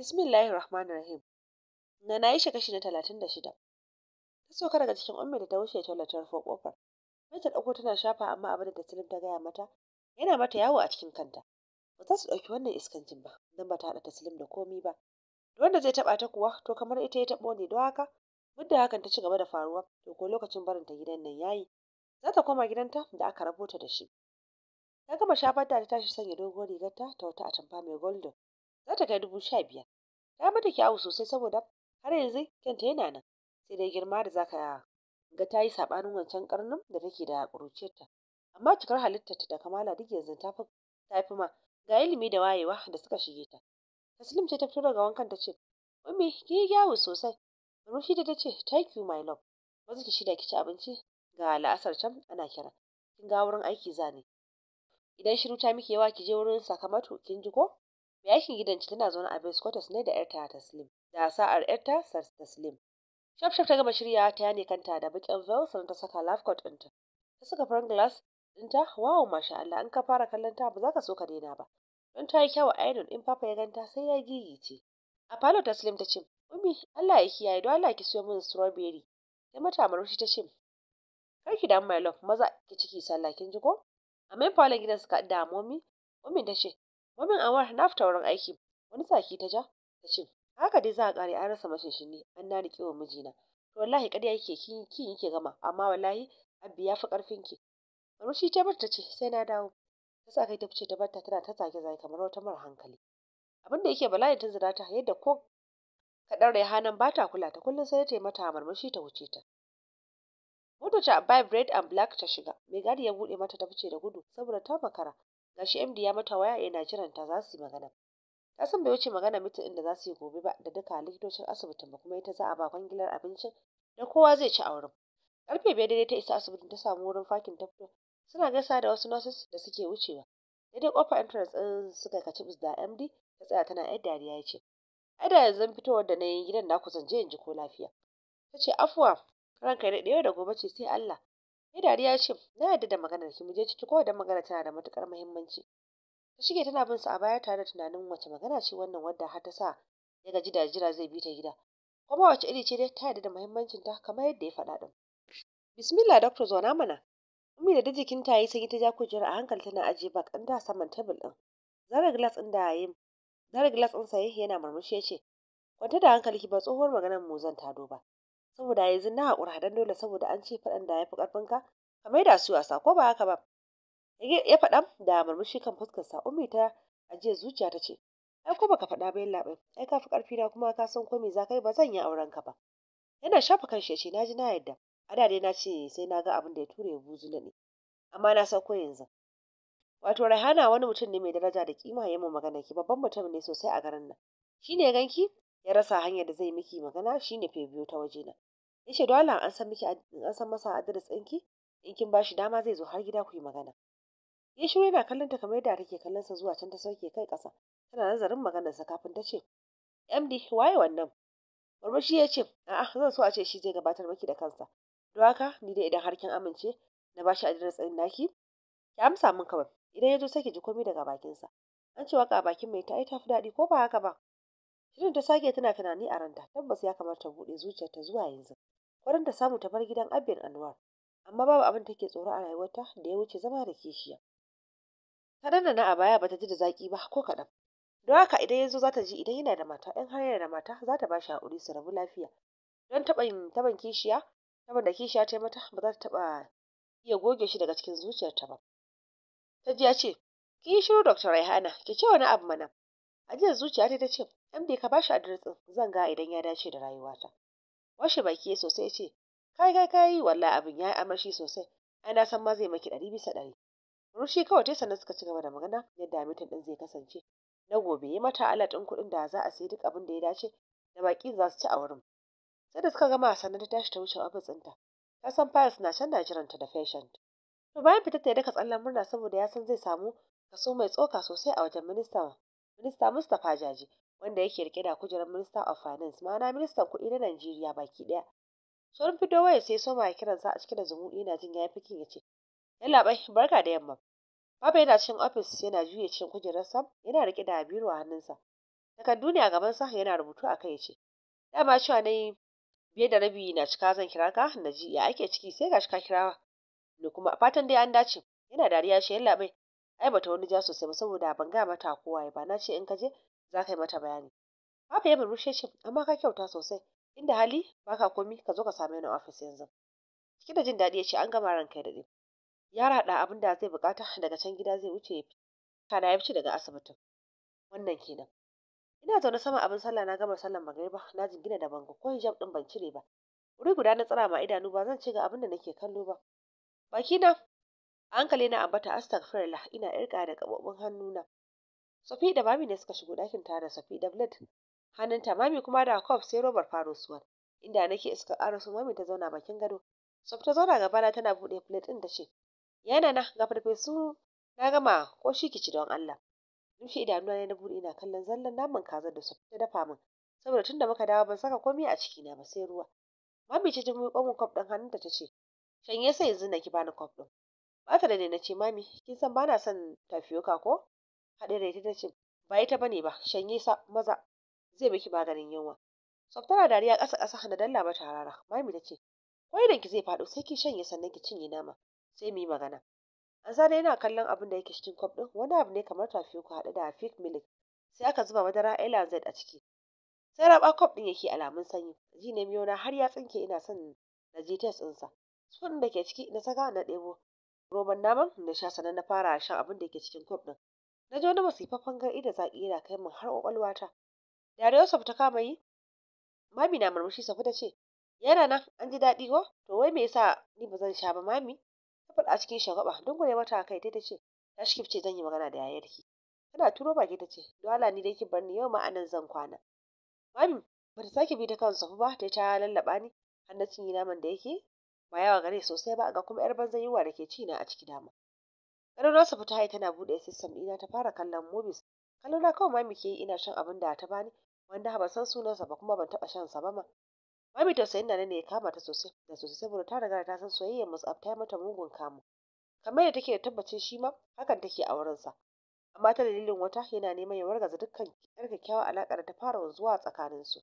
Bismillahir Rahmanir Rahim. Na na yi kashi na talatin da shida. Ta sauka daga cikin ummi da ta wuce ta latar kofar. Sai ta ɗauko tana shafa amma abin da Taslim ta gaya mata yana mata yawo a cikin kanta. Ba za su ɗauki wannan iskancin ba don ba ta haɗa Taslim da komi ba. Da wanda zai taɓa ta kuwa to kamar ita ya taɓo ne don haka muddin hakan ta ci gaba da faruwa to ko lokacin barin ta gidan nan yayi. Za ta koma gidanta da aka rabota da shi. Ta gama shafar ta tashi sanya doguwar rigarta ta wata atamfa mai golden Zata ta kai dubu sha biyar ta mata kyawu sosai saboda har yanzu kyanta yana nan sai dai girma da zaka ga ta yi saɓanin wancan karnin da take da ƙuruciyarta amma cikar halittarta da kamala duk yanzu ta fi ta fi ma ga ilimi da wayewa da suka shige ta taslim ce ta fito daga wankan ta ce ummi ki yi kyawu sosai Rufi da ta ce thank you my love maza ki shida ki ci abinci ga la'asar can ana kira kin ga wurin aiki zane? idan shiru ta miki yawa ki je wurin sakamako kin ji ko Mai gidan gidanci tana zaune a base quarters ne da 'yarta Taslim da sa'ar 'yarta Taslim. shop shop ta gama shiryawa ta yane kanta da bakin vel sannan ta saka life coat ɗinta. Ta saka farin glass ɗinta wow masha Allah in ka fara kallon ta ba za ka so ka daina ba. Don ta yi kyau a idol in papa ya ganta sai ya gigice. A falo Taslim ta ce Umi Allah ya kiyaye don Allah ki siyo min strawberry. Sai mata murmushi ta ce kar ki damu my love maza ki ciki sallah kin ji ko? A main gidan suka damu momi, Umi ta ce Momin Anwar na fita wurin aiki, wani saki ta ja ta ce, haka dai za a ƙare an rasa mashin ne an na riƙe wa mijina. To wallahi ƙarya yake kin yake gama amma wallahi Abbi ya fi ƙarfin ki. Murmushi ta bar ta ce sai na dawo. Ta sa kai ta fice ta bar ta tana ta tsage zai kamar wata mara hankali. Abin da yake bala'in ta zira ta yadda ko kaɗan hannun ba ta kula ta kullum sai ta yi mata marmashi ta wuce ta. Motar ta Abba Red and Black ta shiga. Mai gadi ya buɗe mata ta fice da gudu saboda ta makara. gashi MD ya mata waya yana jiran ta za su yi magana ta san bai wuce magana mita inda da za su yi gobe ba da duka likitocin asibitin ba kuma ita za a ba kwangilar abincin da kowa zai ci a wurin karfe biyar daidai ta isa asibitin ta samu wurin fakin ta fito suna gasa da wasu nurses da suke wucewa dai kofar entrance ɗin suka kaci da MD ta tsaya tana yar dariya ya ce ai da yanzu fitowar da na yi gidan naku zan je in ji ko lafiya ta ce afuwa ranka da yau da gobe ce sai Allah Ya dariya ya ce, na yarda da maganar ki mu ciki ko da magana tana da matukar muhimmanci. Ta shige tana bin su a baya tare da tunanin wace magana ce wannan wadda har ta sa ya gaji da jira zai bi ta gida. Kuma wace iri ce dai ta yarda da muhimmancin ta kamar yadda ya faɗa din. Bismillah dr Zona mana. Ummi da ta jikin ta yi sanyi ta ja kujera a hankali tana ajiye bak bakan da saman tebul ɗin. Zara glass din da yayin Zara glass din sa yana murmushi ya ce, kwanta da hankali ki ba tsohuwar maganar mu zan tado ba. saboda yanzu na haƙura dan dole saboda an ce faɗan da ya fi ƙarfinka ka maida su wasa ko ba haka ba ya faɗa da murmushi kan fuskarsa ummi ta ajiyar zuciya ta ce ai ko baka faɗa ba yallaɓai ai ka fi ƙarfi na kuma ka san ko me za ka yi ba zan yi auren ka ba yana shafa kanshi ya ce na ji na yadda a da dai na ce sai na ga abin da ya ture na ne amma na san ko yanzu wato raihana wani mutum ne mai daraja da kima ya mu magana ki babban mutum ne sosai a garin nan shine ganki ya rasa hanyar da zai miki magana shine fe biyo ta waje na Yace dole an san miki an san masa adres ɗinki in kin bashi dama zai zo har gida ku yi magana ya shiru yana kallon ta kamar yadda take kallon sa zuwa can ta sauke kai ƙasa tana nazarin maganar sa kafin ta ce MD waye wannan Murmushi ya ce a'a zan so a ce shi zai gabatar miki da kansa don haka ni dai idan har kin amince na bashi adres ɗin naki ki amsa min kawai idan ya zo sai ki ji komai daga bakin sa an ce waka bakin mai ta ai fi daɗi ko ba haka ba shirin ta sake tana tunani a ranta tabbas ya kamata buɗe zuciyarta zuwa yanzu Kwarin ta samu ta bar gidan abin Anwar, amma babu abin take tsoro a rayuwarta da ya wuce zama da kishiya. Ta na abaya ba ta ji da zaki ba ko kaɗan. Don haka idan yazo zata za ta ji idan yana da mata in har yana da mata za ta ba shi haƙuri su rabu lafiya. Don yin taɓin kishiya taɓin da kishiya ta yi mata ba za ta taɓa iya goge shi daga cikin zuciyarta ba. Ta ji ya ce, Ki yi shiru Dr. Raihana, ki ce wani abu mana. A Ajiyar zuciya ta ce, bai ka ba shi zan ga idan ya dace da rayuwata. washe baki sosai ya ce kai kai kai walla abin ya yi amarshi sosai ai na san ma zai maki ɗari bisa ɗari rushi kawai ta sannan suka ci gaba da magana yadda mitin ɗin zai kasance na gobe yi mata alat ɗin kuɗin da za a sayi duk abin da ya dace da baƙi za su ci a wurin sai da suka gama sannan ta tashi ta wuce ofis ɗinta ta san fayas na can na jiranta da fashion to bayan fitar ta ya daka tsallan murna saboda ya san zai samu kaso mai tsoka sosai a wajen minista minista Mustapha Jaji wanda yake rike da kujerar Minister of Finance ma'ana ministan kuɗi na Najeriya baki ɗaya. Sun fito waya sai soma kiransa a cike da zumu ina jin yayi fikin ya ce Yallabai, barka da yamma. Baba yana cikin ofis yana juye kujerar sa yana rike da biro a hannunsa. Takardu ne gaban sa yana rubutu a kai ya ce dama cewa na yi biye da rabi na cika zan kira ka na ji ya ake ciki sai gashi ka kira ni kuma fatan dai an dace yana dariya shi yallabai. ai bata wani ja sosai ba saboda ban ga mata kowa ba na ce in ka je za ka yi mata bayani Papa ya rushe shi amma ka kyauta sosai inda hali ba ka komi ka zo ka same ni ofis yanzu cike da jin daɗi ya ce an gama ranka ya daɗe yara raɗa abin da zai bukata daga can gida zai wuce ya fi kana ya fice daga asibitin wannan kenan ina zaune sama abin sallah na gama sallar magariba na jingina da bango ko jam din ban cire ba wuri guda na tsara ma idanu ba zan ci ga abin da nake kallo ba baki na A hankali na ambata astaghfirullah ina irka da kabobin hannuna Sofi da Mami ne suka shigo ɗakin tare da Sofi da Blade. Hannunta Mami kuma da Kof sai robar faro suwa. Inda nake iska su Mami ta zauna bakin gado. Sofi ta zauna gabana tana buɗe plate ɗin da ce, Yana na ga su na gama ko shi kici don Allah. Rufe idanuwa ne na buɗe ina kallon zallan naman kazar da Sofi ta dafa min. Saboda tunda muka dawo ban saka komai a ciki na ba sai ruwa. Mami ce ta miƙo min kwaf ɗin hannunta ta ce, Shanye sai yanzu na ki bani kwaf ɗin. Bata da ne na ce, Mami, kin san bana son tafiyoka ko? haɗe da ita ta ce ba ita bane ba shanye sa maza zai miki maganin yunwa na dariya ƙasa ƙasa hana dalla mata harara mami tace ce da ki zai faɗo sai ki shanye sannan ki cinye nama sai mu yi magana Azana yana kallon abin da yake cikin kwaf ɗin wani abu ne kamar tafi ku haɗe da fake milik" sai aka zuba madara Ella Z a ciki. Sai raba kwaf ɗin yake alamun sanyi. Ji ne miyona, har ya tsinke ina son na je tes ɗinsa. sun da ke ciki na saka na ɗebo. Roban naman na sha sannan na fara shan abin da yake cikin kwaf ɗin. na ji wani masifaffen garɗi da zaƙi yana kai min har ƙwaƙwalwata Yare ta kama yi mami na murmushi safi ta ce yana nan an ji daɗi ko to wai me yasa ni ba zan sha ba mami ta faɗa cikin shagaba, don gure mata kai ta ce ta shi ce zan yi magana da yayarki tana turo baki ta ce Allah ni dai ki bar ni yau ma anan zan kwana mami bata sake bi ta kan safu ba ta ta lallaba ni har na cinye naman da yake ba yawa gare sosai ba ga kuma yar banzan yiwa da ke ci na a ciki dama ganin sa fita hai tana buɗe system ɗina ta fara kallon movies kallon na kawai mami ke yi ina shan abin da ta bani wanda ba san sa ba kuma ban taɓa shan sa ba ma mami tausayin na ne ya kama ta sosai da sosai saboda ta riga ta san soyayya, mu tsafta mata mugun kamu kamar da take tabbacin shi ma hakan take a sa amma ta dalilin wata yana neman ya wargaza dukkan yar kyakkyawar alaƙa da ta fara zuwa tsakanin su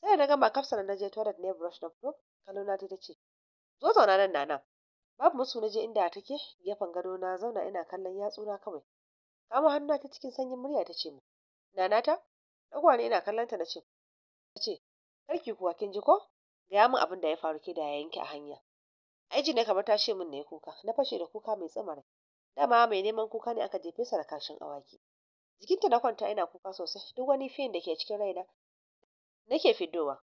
sai na gama kafsa na je toilet ne brush na fito kalona ta ce zo zauna nan nana babu musu na je inda take gefen gado na zauna ina kallon yatsu na kawai kama hannu ta cikin sanyin murya ta ce mu nana ta dagwa ne ina kallon ta na ce ta ce karki kuwa kin ji ko gaya min abin da ya faru ke da yayinki a hanya ji ne kamar ta ce min ne kuka na fashe da kuka mai tsamar dama mai neman kuka ne aka jefe sa da kashin awaki jikinta na kwanta ina kuka sosai duk wani fiyin da ke cikin raina nake fidowa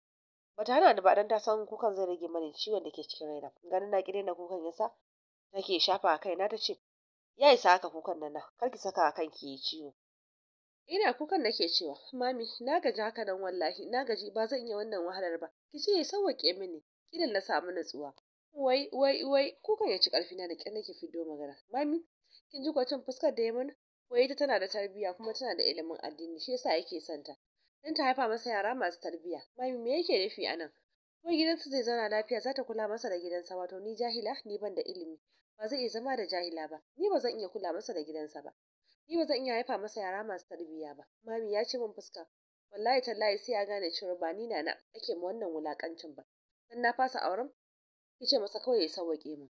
bata hana ni ba dan ta san kukan zai rage mani ciwon da ke cikin raina ganin na kirena kukan yasa nake shafa a kaina ta ce ya isa haka kukan nan kar ki saka a kanki yayi ciwo ina kukan nake cewa mami na gaji haka nan wallahi na gaji ba zan iya wannan wahalar ba ki ce ya sauwake mini kidan na samu natsuwa wai wai wai kukan ya ci karfi na da kyar nake fido magana mami kin ji kwacin fuskar da ya mana wai ita tana da tarbiyya kuma tana da ilimin addini shi yasa yake santa don ta haifa masa yara masu tarbiyya mami me yake nufi a nan kuma gidansu zai zauna lafiya za ta kula masa da gidansa wato ni jahila ni ban da ilimi ba zai iya zama da jahila ba ni ba zan iya kula masa da gidansa ba ni ba zan iya haifa masa yara masu tarbiyya ba mami ya ce min fuska wallahi tallahi sai ya gane cewa ba ni na ake ma wannan wulakancin ba dan na fasa auren kice masa kawai ya sauke mu.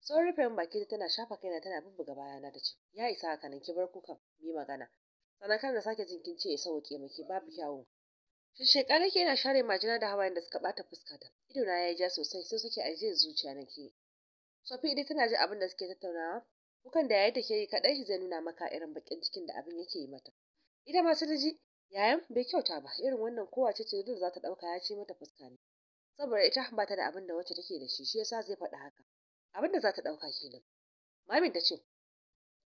sun rufe min baki tana shafa kaina tana bubbuga bayana da ce ya isa haka nan ki bar kukan bi magana sannan kar da sake jinkince ya sauke maki babu kyawun shekaru nake yana share majina da hawayen da suka bata fuska ta ido na yi ja sosai sai suke ajiye zuciya na ke. sofi idan tana ji abin da suke tattaunawa kukan da yayi take yi kadai zai nuna maka irin bakin cikin da abin yake yi mata ita ma su ji yayan bai kyauta ba irin wannan kowace ce da za ta ɗauka ya ce mata fuska ne saboda ita ba ta da abin da wacce take da shi shi yasa zai faɗi haka abin da za ta dauka kenan mamin ta ce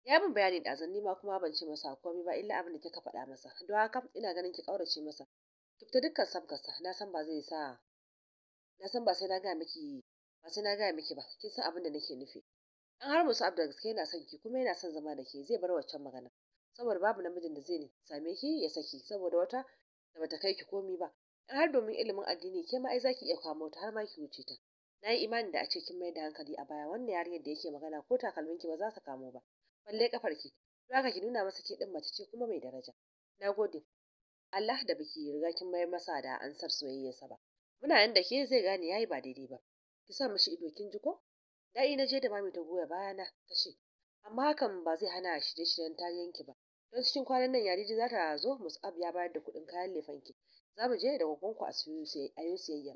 Ya min bayani da zan ma kuma ban ce masa komai ba illa abin da kika faɗa masa. Don haka ina ganin ki ƙaurace masa. Ki fita dukkan sabgarsa na san ba zai sa na san ba sai na gaya miki ba sai na ga miki ba kin san abin da nake nufi. An har musu da gaske yana son ki kuma yana son zama da ke zai bar waccan magana. Saboda babu namijin da zai same ki ya saki saboda wata da bata kai ki komi ba. An har domin ilimin addini ke ma ai zaki iya kamo ta har ma ki wuce ta. Na yi imani da a ce kin mai da hankali a baya wannan yarinyar da yake magana ko takalminki ba za su kamo ba. balle ki Za ka ki nuna masa ke din mace ce kuma mai daraja na gode Allah da biki riga kin mayar masa da ansar sa ba muna yanda ke zai gane yayi ba daidai ba ki sa mishi ido kin ji ko daɗi na je da mami ta goya bayana ta ce amma hakan ba zai hana shirye-shiryen ki ba don cikin kwanan nan yariji za ta zo musab ya bayar da kuɗin kayan ki. za mu je da gwaggonku a siyo siyayya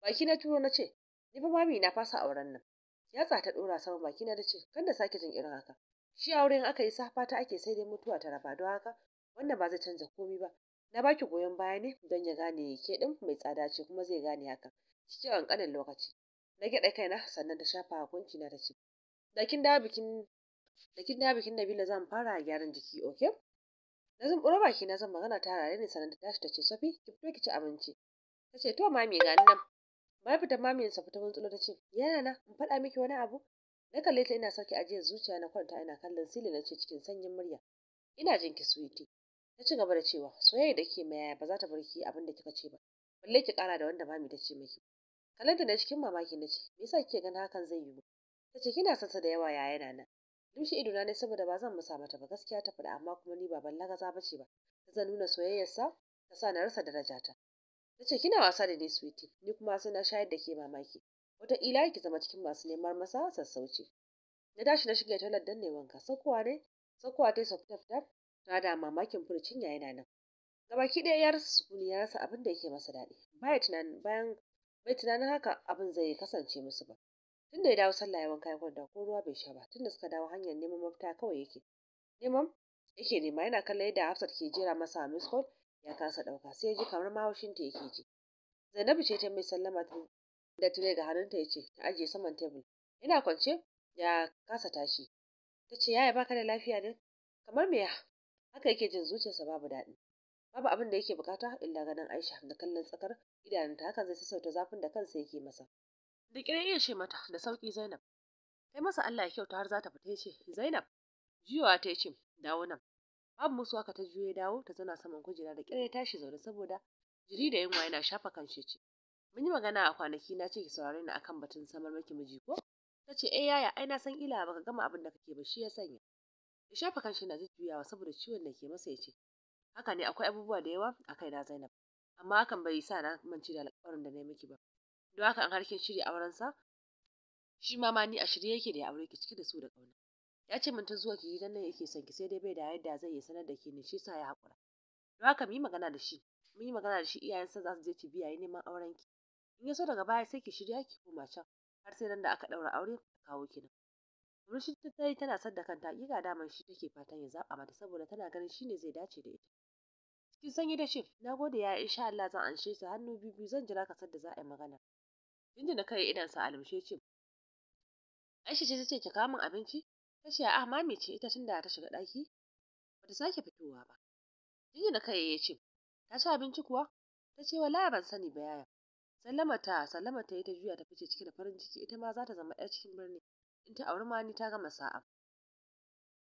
baki na turo na ce ni mami na fasa auren nan yatsa ta ɗora saman bakina da ce kan da sake jin irin haka shi auren aka yi safa ta ake sai dai mutuwa ta raba don haka wannan ba zai canza komai ba na baki goyon baya ne don ya gane ke ɗin mai tsada ce kuma zai gane haka cikin ƙanƙanin lokaci na gyaɗa kaina sannan ta shafa hukunci na ta ce da kin da bikin Nabila zan fara gyaran jiki okay na zumburo baki na zan magana ta rare ne sannan ta tashi ta ce Sofi ki fito ki ci abinci ta ce to mami ga nan Mahaifiyar maminsa fita wani ta ce, Yana na, in faɗa miki wani abu? Na kalle ta ina sauke ajiyar zuciya na kwanta ina kallon Sili na ce cikin sanyin murya. Ina jin ki suwiti. Ta ci gaba da cewa, soyayya da ke mayaya ba za ta bar ki abin da kika ce ba. Balle ki ƙara da wanda mami ta ce miki. Kallon da cikin mamaki na ce, Me yasa kike ganin hakan zai yiwu? Ta ce, Kina son sa da yawa yaya na na. Dushi idona ne saboda ba zan musa mata ba gaskiya ta faɗa amma kuma ni ba ballaga za ba ce ba. Ta zan nuna soyayyarsa ta sa na rasa darajata. ta ce kina wasa da ni sweetie ni kuma sai na shayar da ke mamaki wataƙila ki zama cikin masu neman masa sassauci na tashi na shiga talar dan ne wanka sakuwa ne sakuwa ta yi sauka ta ta da mamakin furcin yayi na nan gabaki ɗaya ya rasa sukuni ya rasa abin da yake masa daɗi baya tunanin bayan bai tunanin haka abin zai kasance musu ba tunda ya dawo sallah ya wanka ya kwanta ko ruwa bai sha ba tunda suka dawo hanyar neman mafita kawai yake neman yake nema yana kallon yadda Hafsat ke jera masa miss call ya kasa ɗauka sai ya ji kamar mahaushinta yake ji zainabu ce ta mai sallama da tire ga hannunta ya ce ta ajiye saman tebul Ina kwance ya kasa tashi ta ce yaya baka da lafiya ne kamar me haka yake jin zuciyarsa babu daɗi babu abin da yake bukata illa ganin aisha da kallon tsakar idanunta hakan zai sassauta zafin da kansa yake masa da kira iya ce mata da sauki zainab kai masa allah ya kyauta har za ta fita ce zainab jiyowa ta ce dawo nan babu musu haka ta juya dawo ta zauna saman kujera da kyar ya tashi zaune saboda jiri da yunwa yana shafa kan shi mun yi magana a kwanaki na ce ki saurare ni akan batun samar maki miji ko ta ce eh yaya ai na san ila baka gama abin da kake ba shi ya sanya ya shafa kan shi na jujjuyawa saboda ciwon da ke masa ya ce haka ne akwai abubuwa da yawa a kai na Zainab amma hakan bai sa na manci da alƙawarin da na yi miki ba don haka an harkin shirya aurensa shi ma ma ni a shirye yake da ya aure ki ciki da su da ƙauna ya ce min tun zuwa ki gidan nan yake son ki sai dai bai da yadda zai iya sanar da ke ne shi sa ya haƙura don haka mu yi magana da shi mun yi magana da shi sa za su je ki biya yi neman auren ki in ya so daga baya sai ki shirya ki koma can har sai nan da aka ɗaura aure ka kawo ki nan shi ta yi tana sadda kanta hakika daman shi take fatan ya zaɓa mata saboda tana ganin shi ne zai dace da ita cikin sanyi da shi, na gode ya insha Allah zan anshe sa hannu biyu biyu zan jira ka sadda za a yi magana jinjina kai idan sa almushe ce Aisha ce ce ki kawo min abinci Ta ce a'a mami ce ita tun tunda ta shiga ɗaki Bata sake fitowa ba. Jinya da kai ya ce ta ci abinci kuwa? Ta ce wala ban sani ba yaya. Sallama ta sallama ta yi ta juya ta fice cike da farin ciki ita ma za ta zama 'yar cikin birni in ta auri mani ta gama sa'a.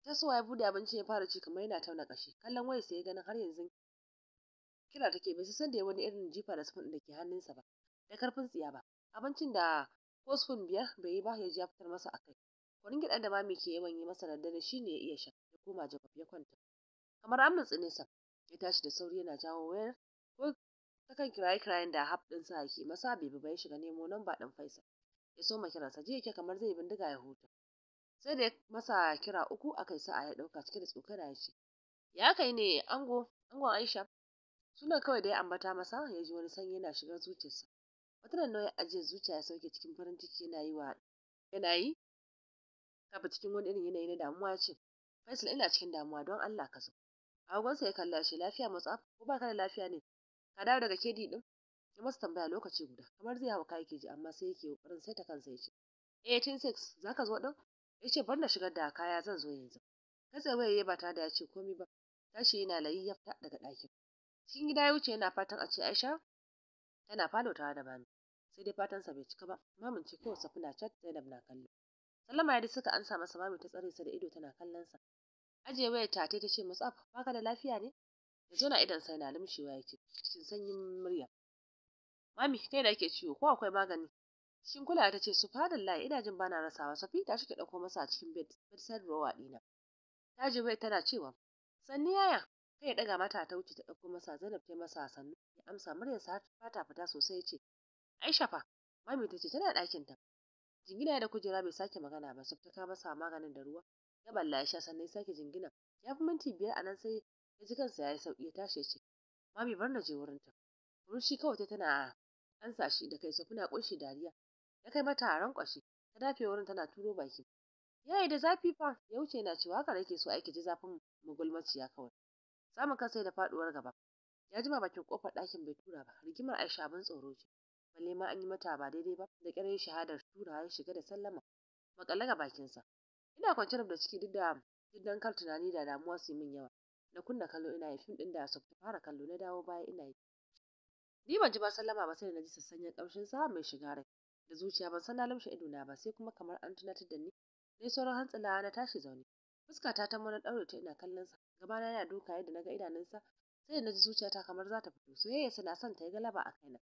Tasowa ya bude abinci ya fara ci kamar yana tauna ƙashi. kallon wayar sai ya ganin har yanzu kira take bai san da wani irin jifa da spoon da ke hannunsa ba da karfin tsiya ba abincin da ko spoon biyar bai yi ba ya ji ya fitar masa a kai Kunun gyaɗa da mami ke yawan yi masa da daddare shi ne ya iya sha, ya koma jaba ya kwanta. Kamar an mintsine sa, ya tashi da sauri yana jawo wayar ko ta kan kiraye-kirayen da haf hab sa ke masa bai bi ba ya shiga nemo ba ɗin faisa Ya soma kiransa jiya ke kamar zai bindiga ya huta. Sai da masa kira uku akai sa'a ya ɗauka cike da tsokana ya ce, Ya kai ne ango, angon Aisha. Sunan kawai da ya ambata masa ya ji wani sanyi yana shiga zuciyarsa. Wata nan ya ajiye zuciya ya sauke cikin farin ciki yana yi wa yana yi kafa cikin wani irin yanayi na damuwa ce Faisal ina cikin damuwa don Allah ka zo agogonsa ya kalla shi lafiya Mus'ab ko baka da lafiya ne ka dawo daga kedi din ya masa tambaya lokaci guda kamar zai hawa kai ji amma sai yake kokarin sai ta kansa yace eh zaka zo din yace bar na shigar da kaya zan zo yanzu kai tsaye ya ba ta da ya ce komai ba tashi yana layyafta ya daga ɗakin cikin gida ya wuce yana fatan a ce Aisha tana falo tare da bani sai dai fatansa bai cika ba mamin ce kawai safina chat Zainab na kallo sallama ya suka ansa masa mami ta tsare sa da ido tana kallon sa aje waya ta ta ce musaf baka da lafiya ne ya zo na idan sai na waya yake cikin sanyin murya mami kai da ake ciwo ko akwai magani cikin kulawa ta ce subhanallah ina jin bana rasawa safi ta shi ta dauko masa cikin bed bedside drawer dina ta ji waya tana cewa sanni yaya kai ya daga mata ta wuce ta dauko masa Zainab ta masa sannu ya amsa muryarsa har fata fita sosai ya ce Aisha fa mami ta ce tana dakin ta jingina da kujera bai sake magana ba sai ka masa maganin da ruwa ya balla ya sha sannan ya sake jingina ya fi minti biyar a nan sai ya ji kansa ya yi sauki ya tashi ya ce mami bar na je wurin ta shi kawai ta tana ansa shi da kai safuna kunshi dariya ya kai mata a rankwashi ta dafe wurin tana turo baki Ya yi da zafi fa ya wuce na cewa haka nake so aiki ji zafin mugulmaciya kawai samun kansa da faɗuwar gaba ya jima bakin kofar ɗakin bai tura ba rigimar aisha abin tsoro ce ba neman an yi mata ba daidai ba da ƙyar shahadar tura ya shiga da sallama makale ga bakinsa ina kwance da ciki duk da duk kar tunani da damuwa su yi min yawa na kunna kallo ina yi fim din da su fara kallo na dawo baya ina yi ni ban ji ba sallama ba sai na ji sassanyen kamshin sa mai shiga rai da zuciya ban san na lamshe ido na ba sai kuma kamar an tunatar da ni dai sauran hantsila na tashi zaune fuskata ta mana daure ta ina kallon sa gabana yana duka yadda naga idanunsa sai da ji zuciyata kamar za ta fito soyayya na son ta yi galaba a kaina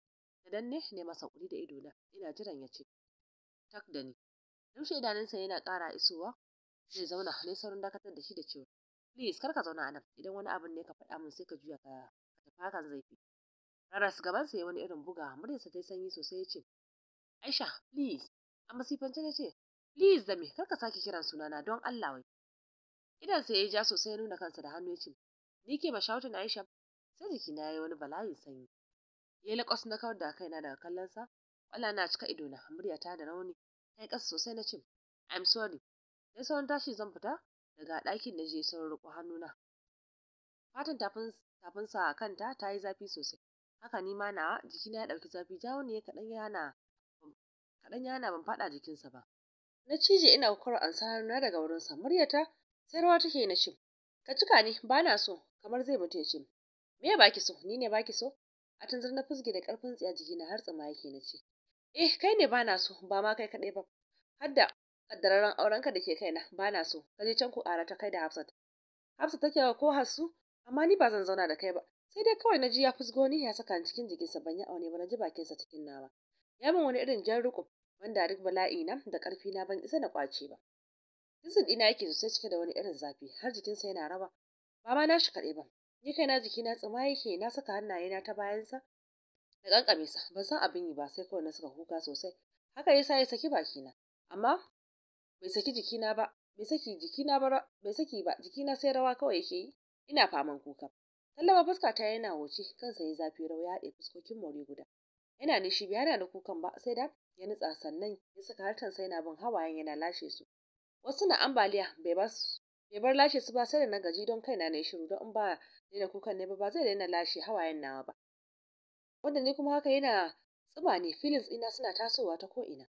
da danne ne masa kuɗi da idona ina jiran ya ce tak da ni rushe idanunsa yana ƙara isowa zai zauna ne saurin dakatar da shi da cewa please kar ka zauna a nan idan wani abin ne ka faɗa min sai ka juya ka tafi hakan zai fi raras gabansa ya wani irin buga muryarsa ta yi sanyi sosai ya ce aisha please a masifance ne ce please da me kar ka sake kiran sunana don allah wai idan sai ya ja sosai ya nuna kansa da hannu ya ce ni ke bashawutun aisha sai jikina ya yi wani bala'in sanyi ya laƙwas na kawar da kaina daga kallonsa wala na cika idona muryata da rauni ta yi ƙasa sosai na ce i'm sorry sai sauran tashi zan fita daga ɗakin na je sauran riƙo hannuna fatan tafin tafinsa a kanta ta yi zafi sosai haka ni ma nawa jikina ya ɗauki zafi jawo ne kaɗan ya kaɗan ya ban faɗa jikinsa ba na cije ina kokarin ansa na daga wurinsa muryata sai rawa take na ce ka cika ni ba na so kamar zai mutu ya ce me baki so ni ne baki so a tanzar na fusge da karfin tsiya jiki na har tsima yake na ce eh kai ne bana so ba ma kai kadai ba har da kaddararren aurenka da ke kaina bana so ka je can ku ara ta kai da Hafsat Hafsat take ko hasu amma ni ba zan zauna da kai ba sai dai kawai na ji ya fusgo ni ya saka cikin jikinsa ban yi aune ba na ji bakinsa cikin nawa ya min wani irin jan riko wanda duk bala'i na da karfi na ban isa na kwace ba jinsin ɗina yake sosai cike da wani irin zafi har jikinsa yana raba ba ma na shi kaɗai ba ni jiki jikina tsima yake na saka hannayena ta bayansa da kankame sa ban san abin yi ba sai kawai na saka kuka sosai haka yasa ya saki bakina amma bai saki jikina ba bai saki jikina ba bai saki ba na sai rawa kawai yake yi ina faman kuka Sallama fuska ta yana wuce kansa ya zafi rawa ya haɗe fuskokin more guda yana nishi biya yana da kukan ba sai da ya nitsa sannan ya saka hartansa yana bin hawayen yana lashe su wasu na ambaliya bai ba su bai bar lashe su ba sai da na gaji don kaina na shiru don in ba daina kukan ne ba ba zai daina lashe hawayen nawa ba wanda ni kuma haka yana tsiba ne feelings ina suna tasowa ta ko ina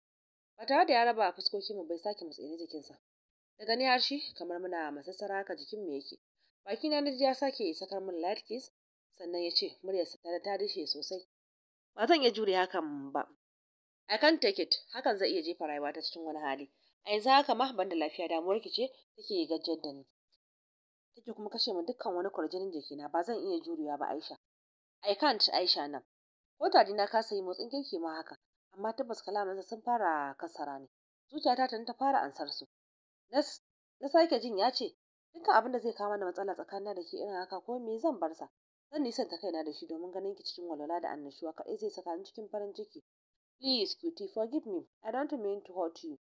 ba tare da ya raba fuskokin mu bai sake jikin jikinsa daga ni har kamar muna masassara haka jikin mu yake baki na ji ya sake sakar min light kiss sannan ya ce muryarsa ta ta dishe sosai ba zan iya jure hakan ba I can take it hakan zai iya jefa rayuwa ta cikin wani hali a yanzu haka ma banda da lafiya damuwar ki ce take gajiyar da ni take kuma kashe min dukkan wani kwarjinin na ba zan iya jurewa ba Aisha I can't Aisha nan ko tari na kasa yi motsin kirki ma haka amma tabbas kalamansa sun fara kasara ne zuciyata ta ta fara ansar su na sake jin ya ce dukkan abin da zai kawo mana matsala tsakanin da ke irin haka ko me zan bar sa zan nisanta kaina da shi domin ganin ki cikin walwala da annashuwa kaɗai zai saka ni cikin farin ciki please cutie forgive me i don't mean to hurt you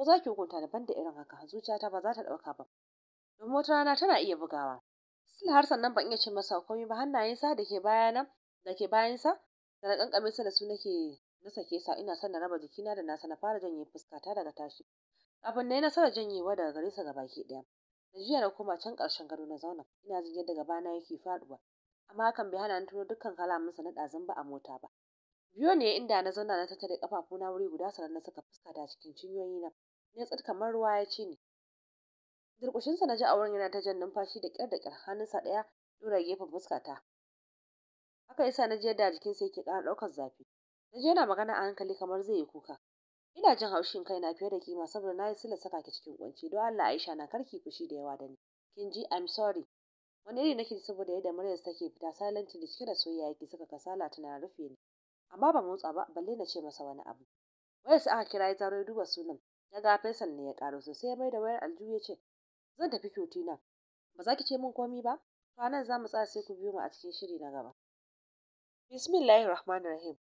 ko za ki hukunta ni banda irin haka zuciyata ba za ta ɗauka ba domin wata rana tana iya bugawa sila har sannan ban iya ce masa komai ba hannayensa da ke bayana da ke bayansa da na kankame sa da su nake na sake sa ina son na raba jikina da nasa na fara janye fuskata daga tashi kafin na yi nasara janyewa daga gare sa gabaki ɗaya da jiya na koma can ƙarshen gado na zauna ina jin yadda gabana yake faɗuwa amma hakan bai hana ni tuno dukkan kalamansa na ɗazun ba a mota ba biyo ne inda na zauna na tattare kafafuna wuri guda sannan na saka fuskata cikin cinyoyi na ya tsit kamar ruwa ya ci ni durƙushinsa na ji a wurin yana ta jan numfashi da ƙyar da ƙyar hannunsa ɗaya ɗora gefen fuskata haka yasa na ji yadda jikinsa yake ƙara ɗaukar zafi naji ji yana magana a hankali kamar zai yi kuka ina jin haushin kaina fiye da kima saboda na yi sila saka ki cikin kunci don Allah Aisha na karki fushi da yawa da ni kin ji I'm sorry wani iri nake saboda yadda muryarsa take fita silent da cike da soyayya yake saka kasala tana rufe ni amma ba motsa ba balle na ce masa wani abu sa aka kira ya zaro ya duba sunan ya ga Faisal ne ya ƙaro sosai ya mai da wayar aljuhu ya ce zan tafi kyoti na ba za ki ce min komi ba kwanan za mu tsaya sai ku biyo mu a cikin shiri na gaba bismillahir rahmanir rahim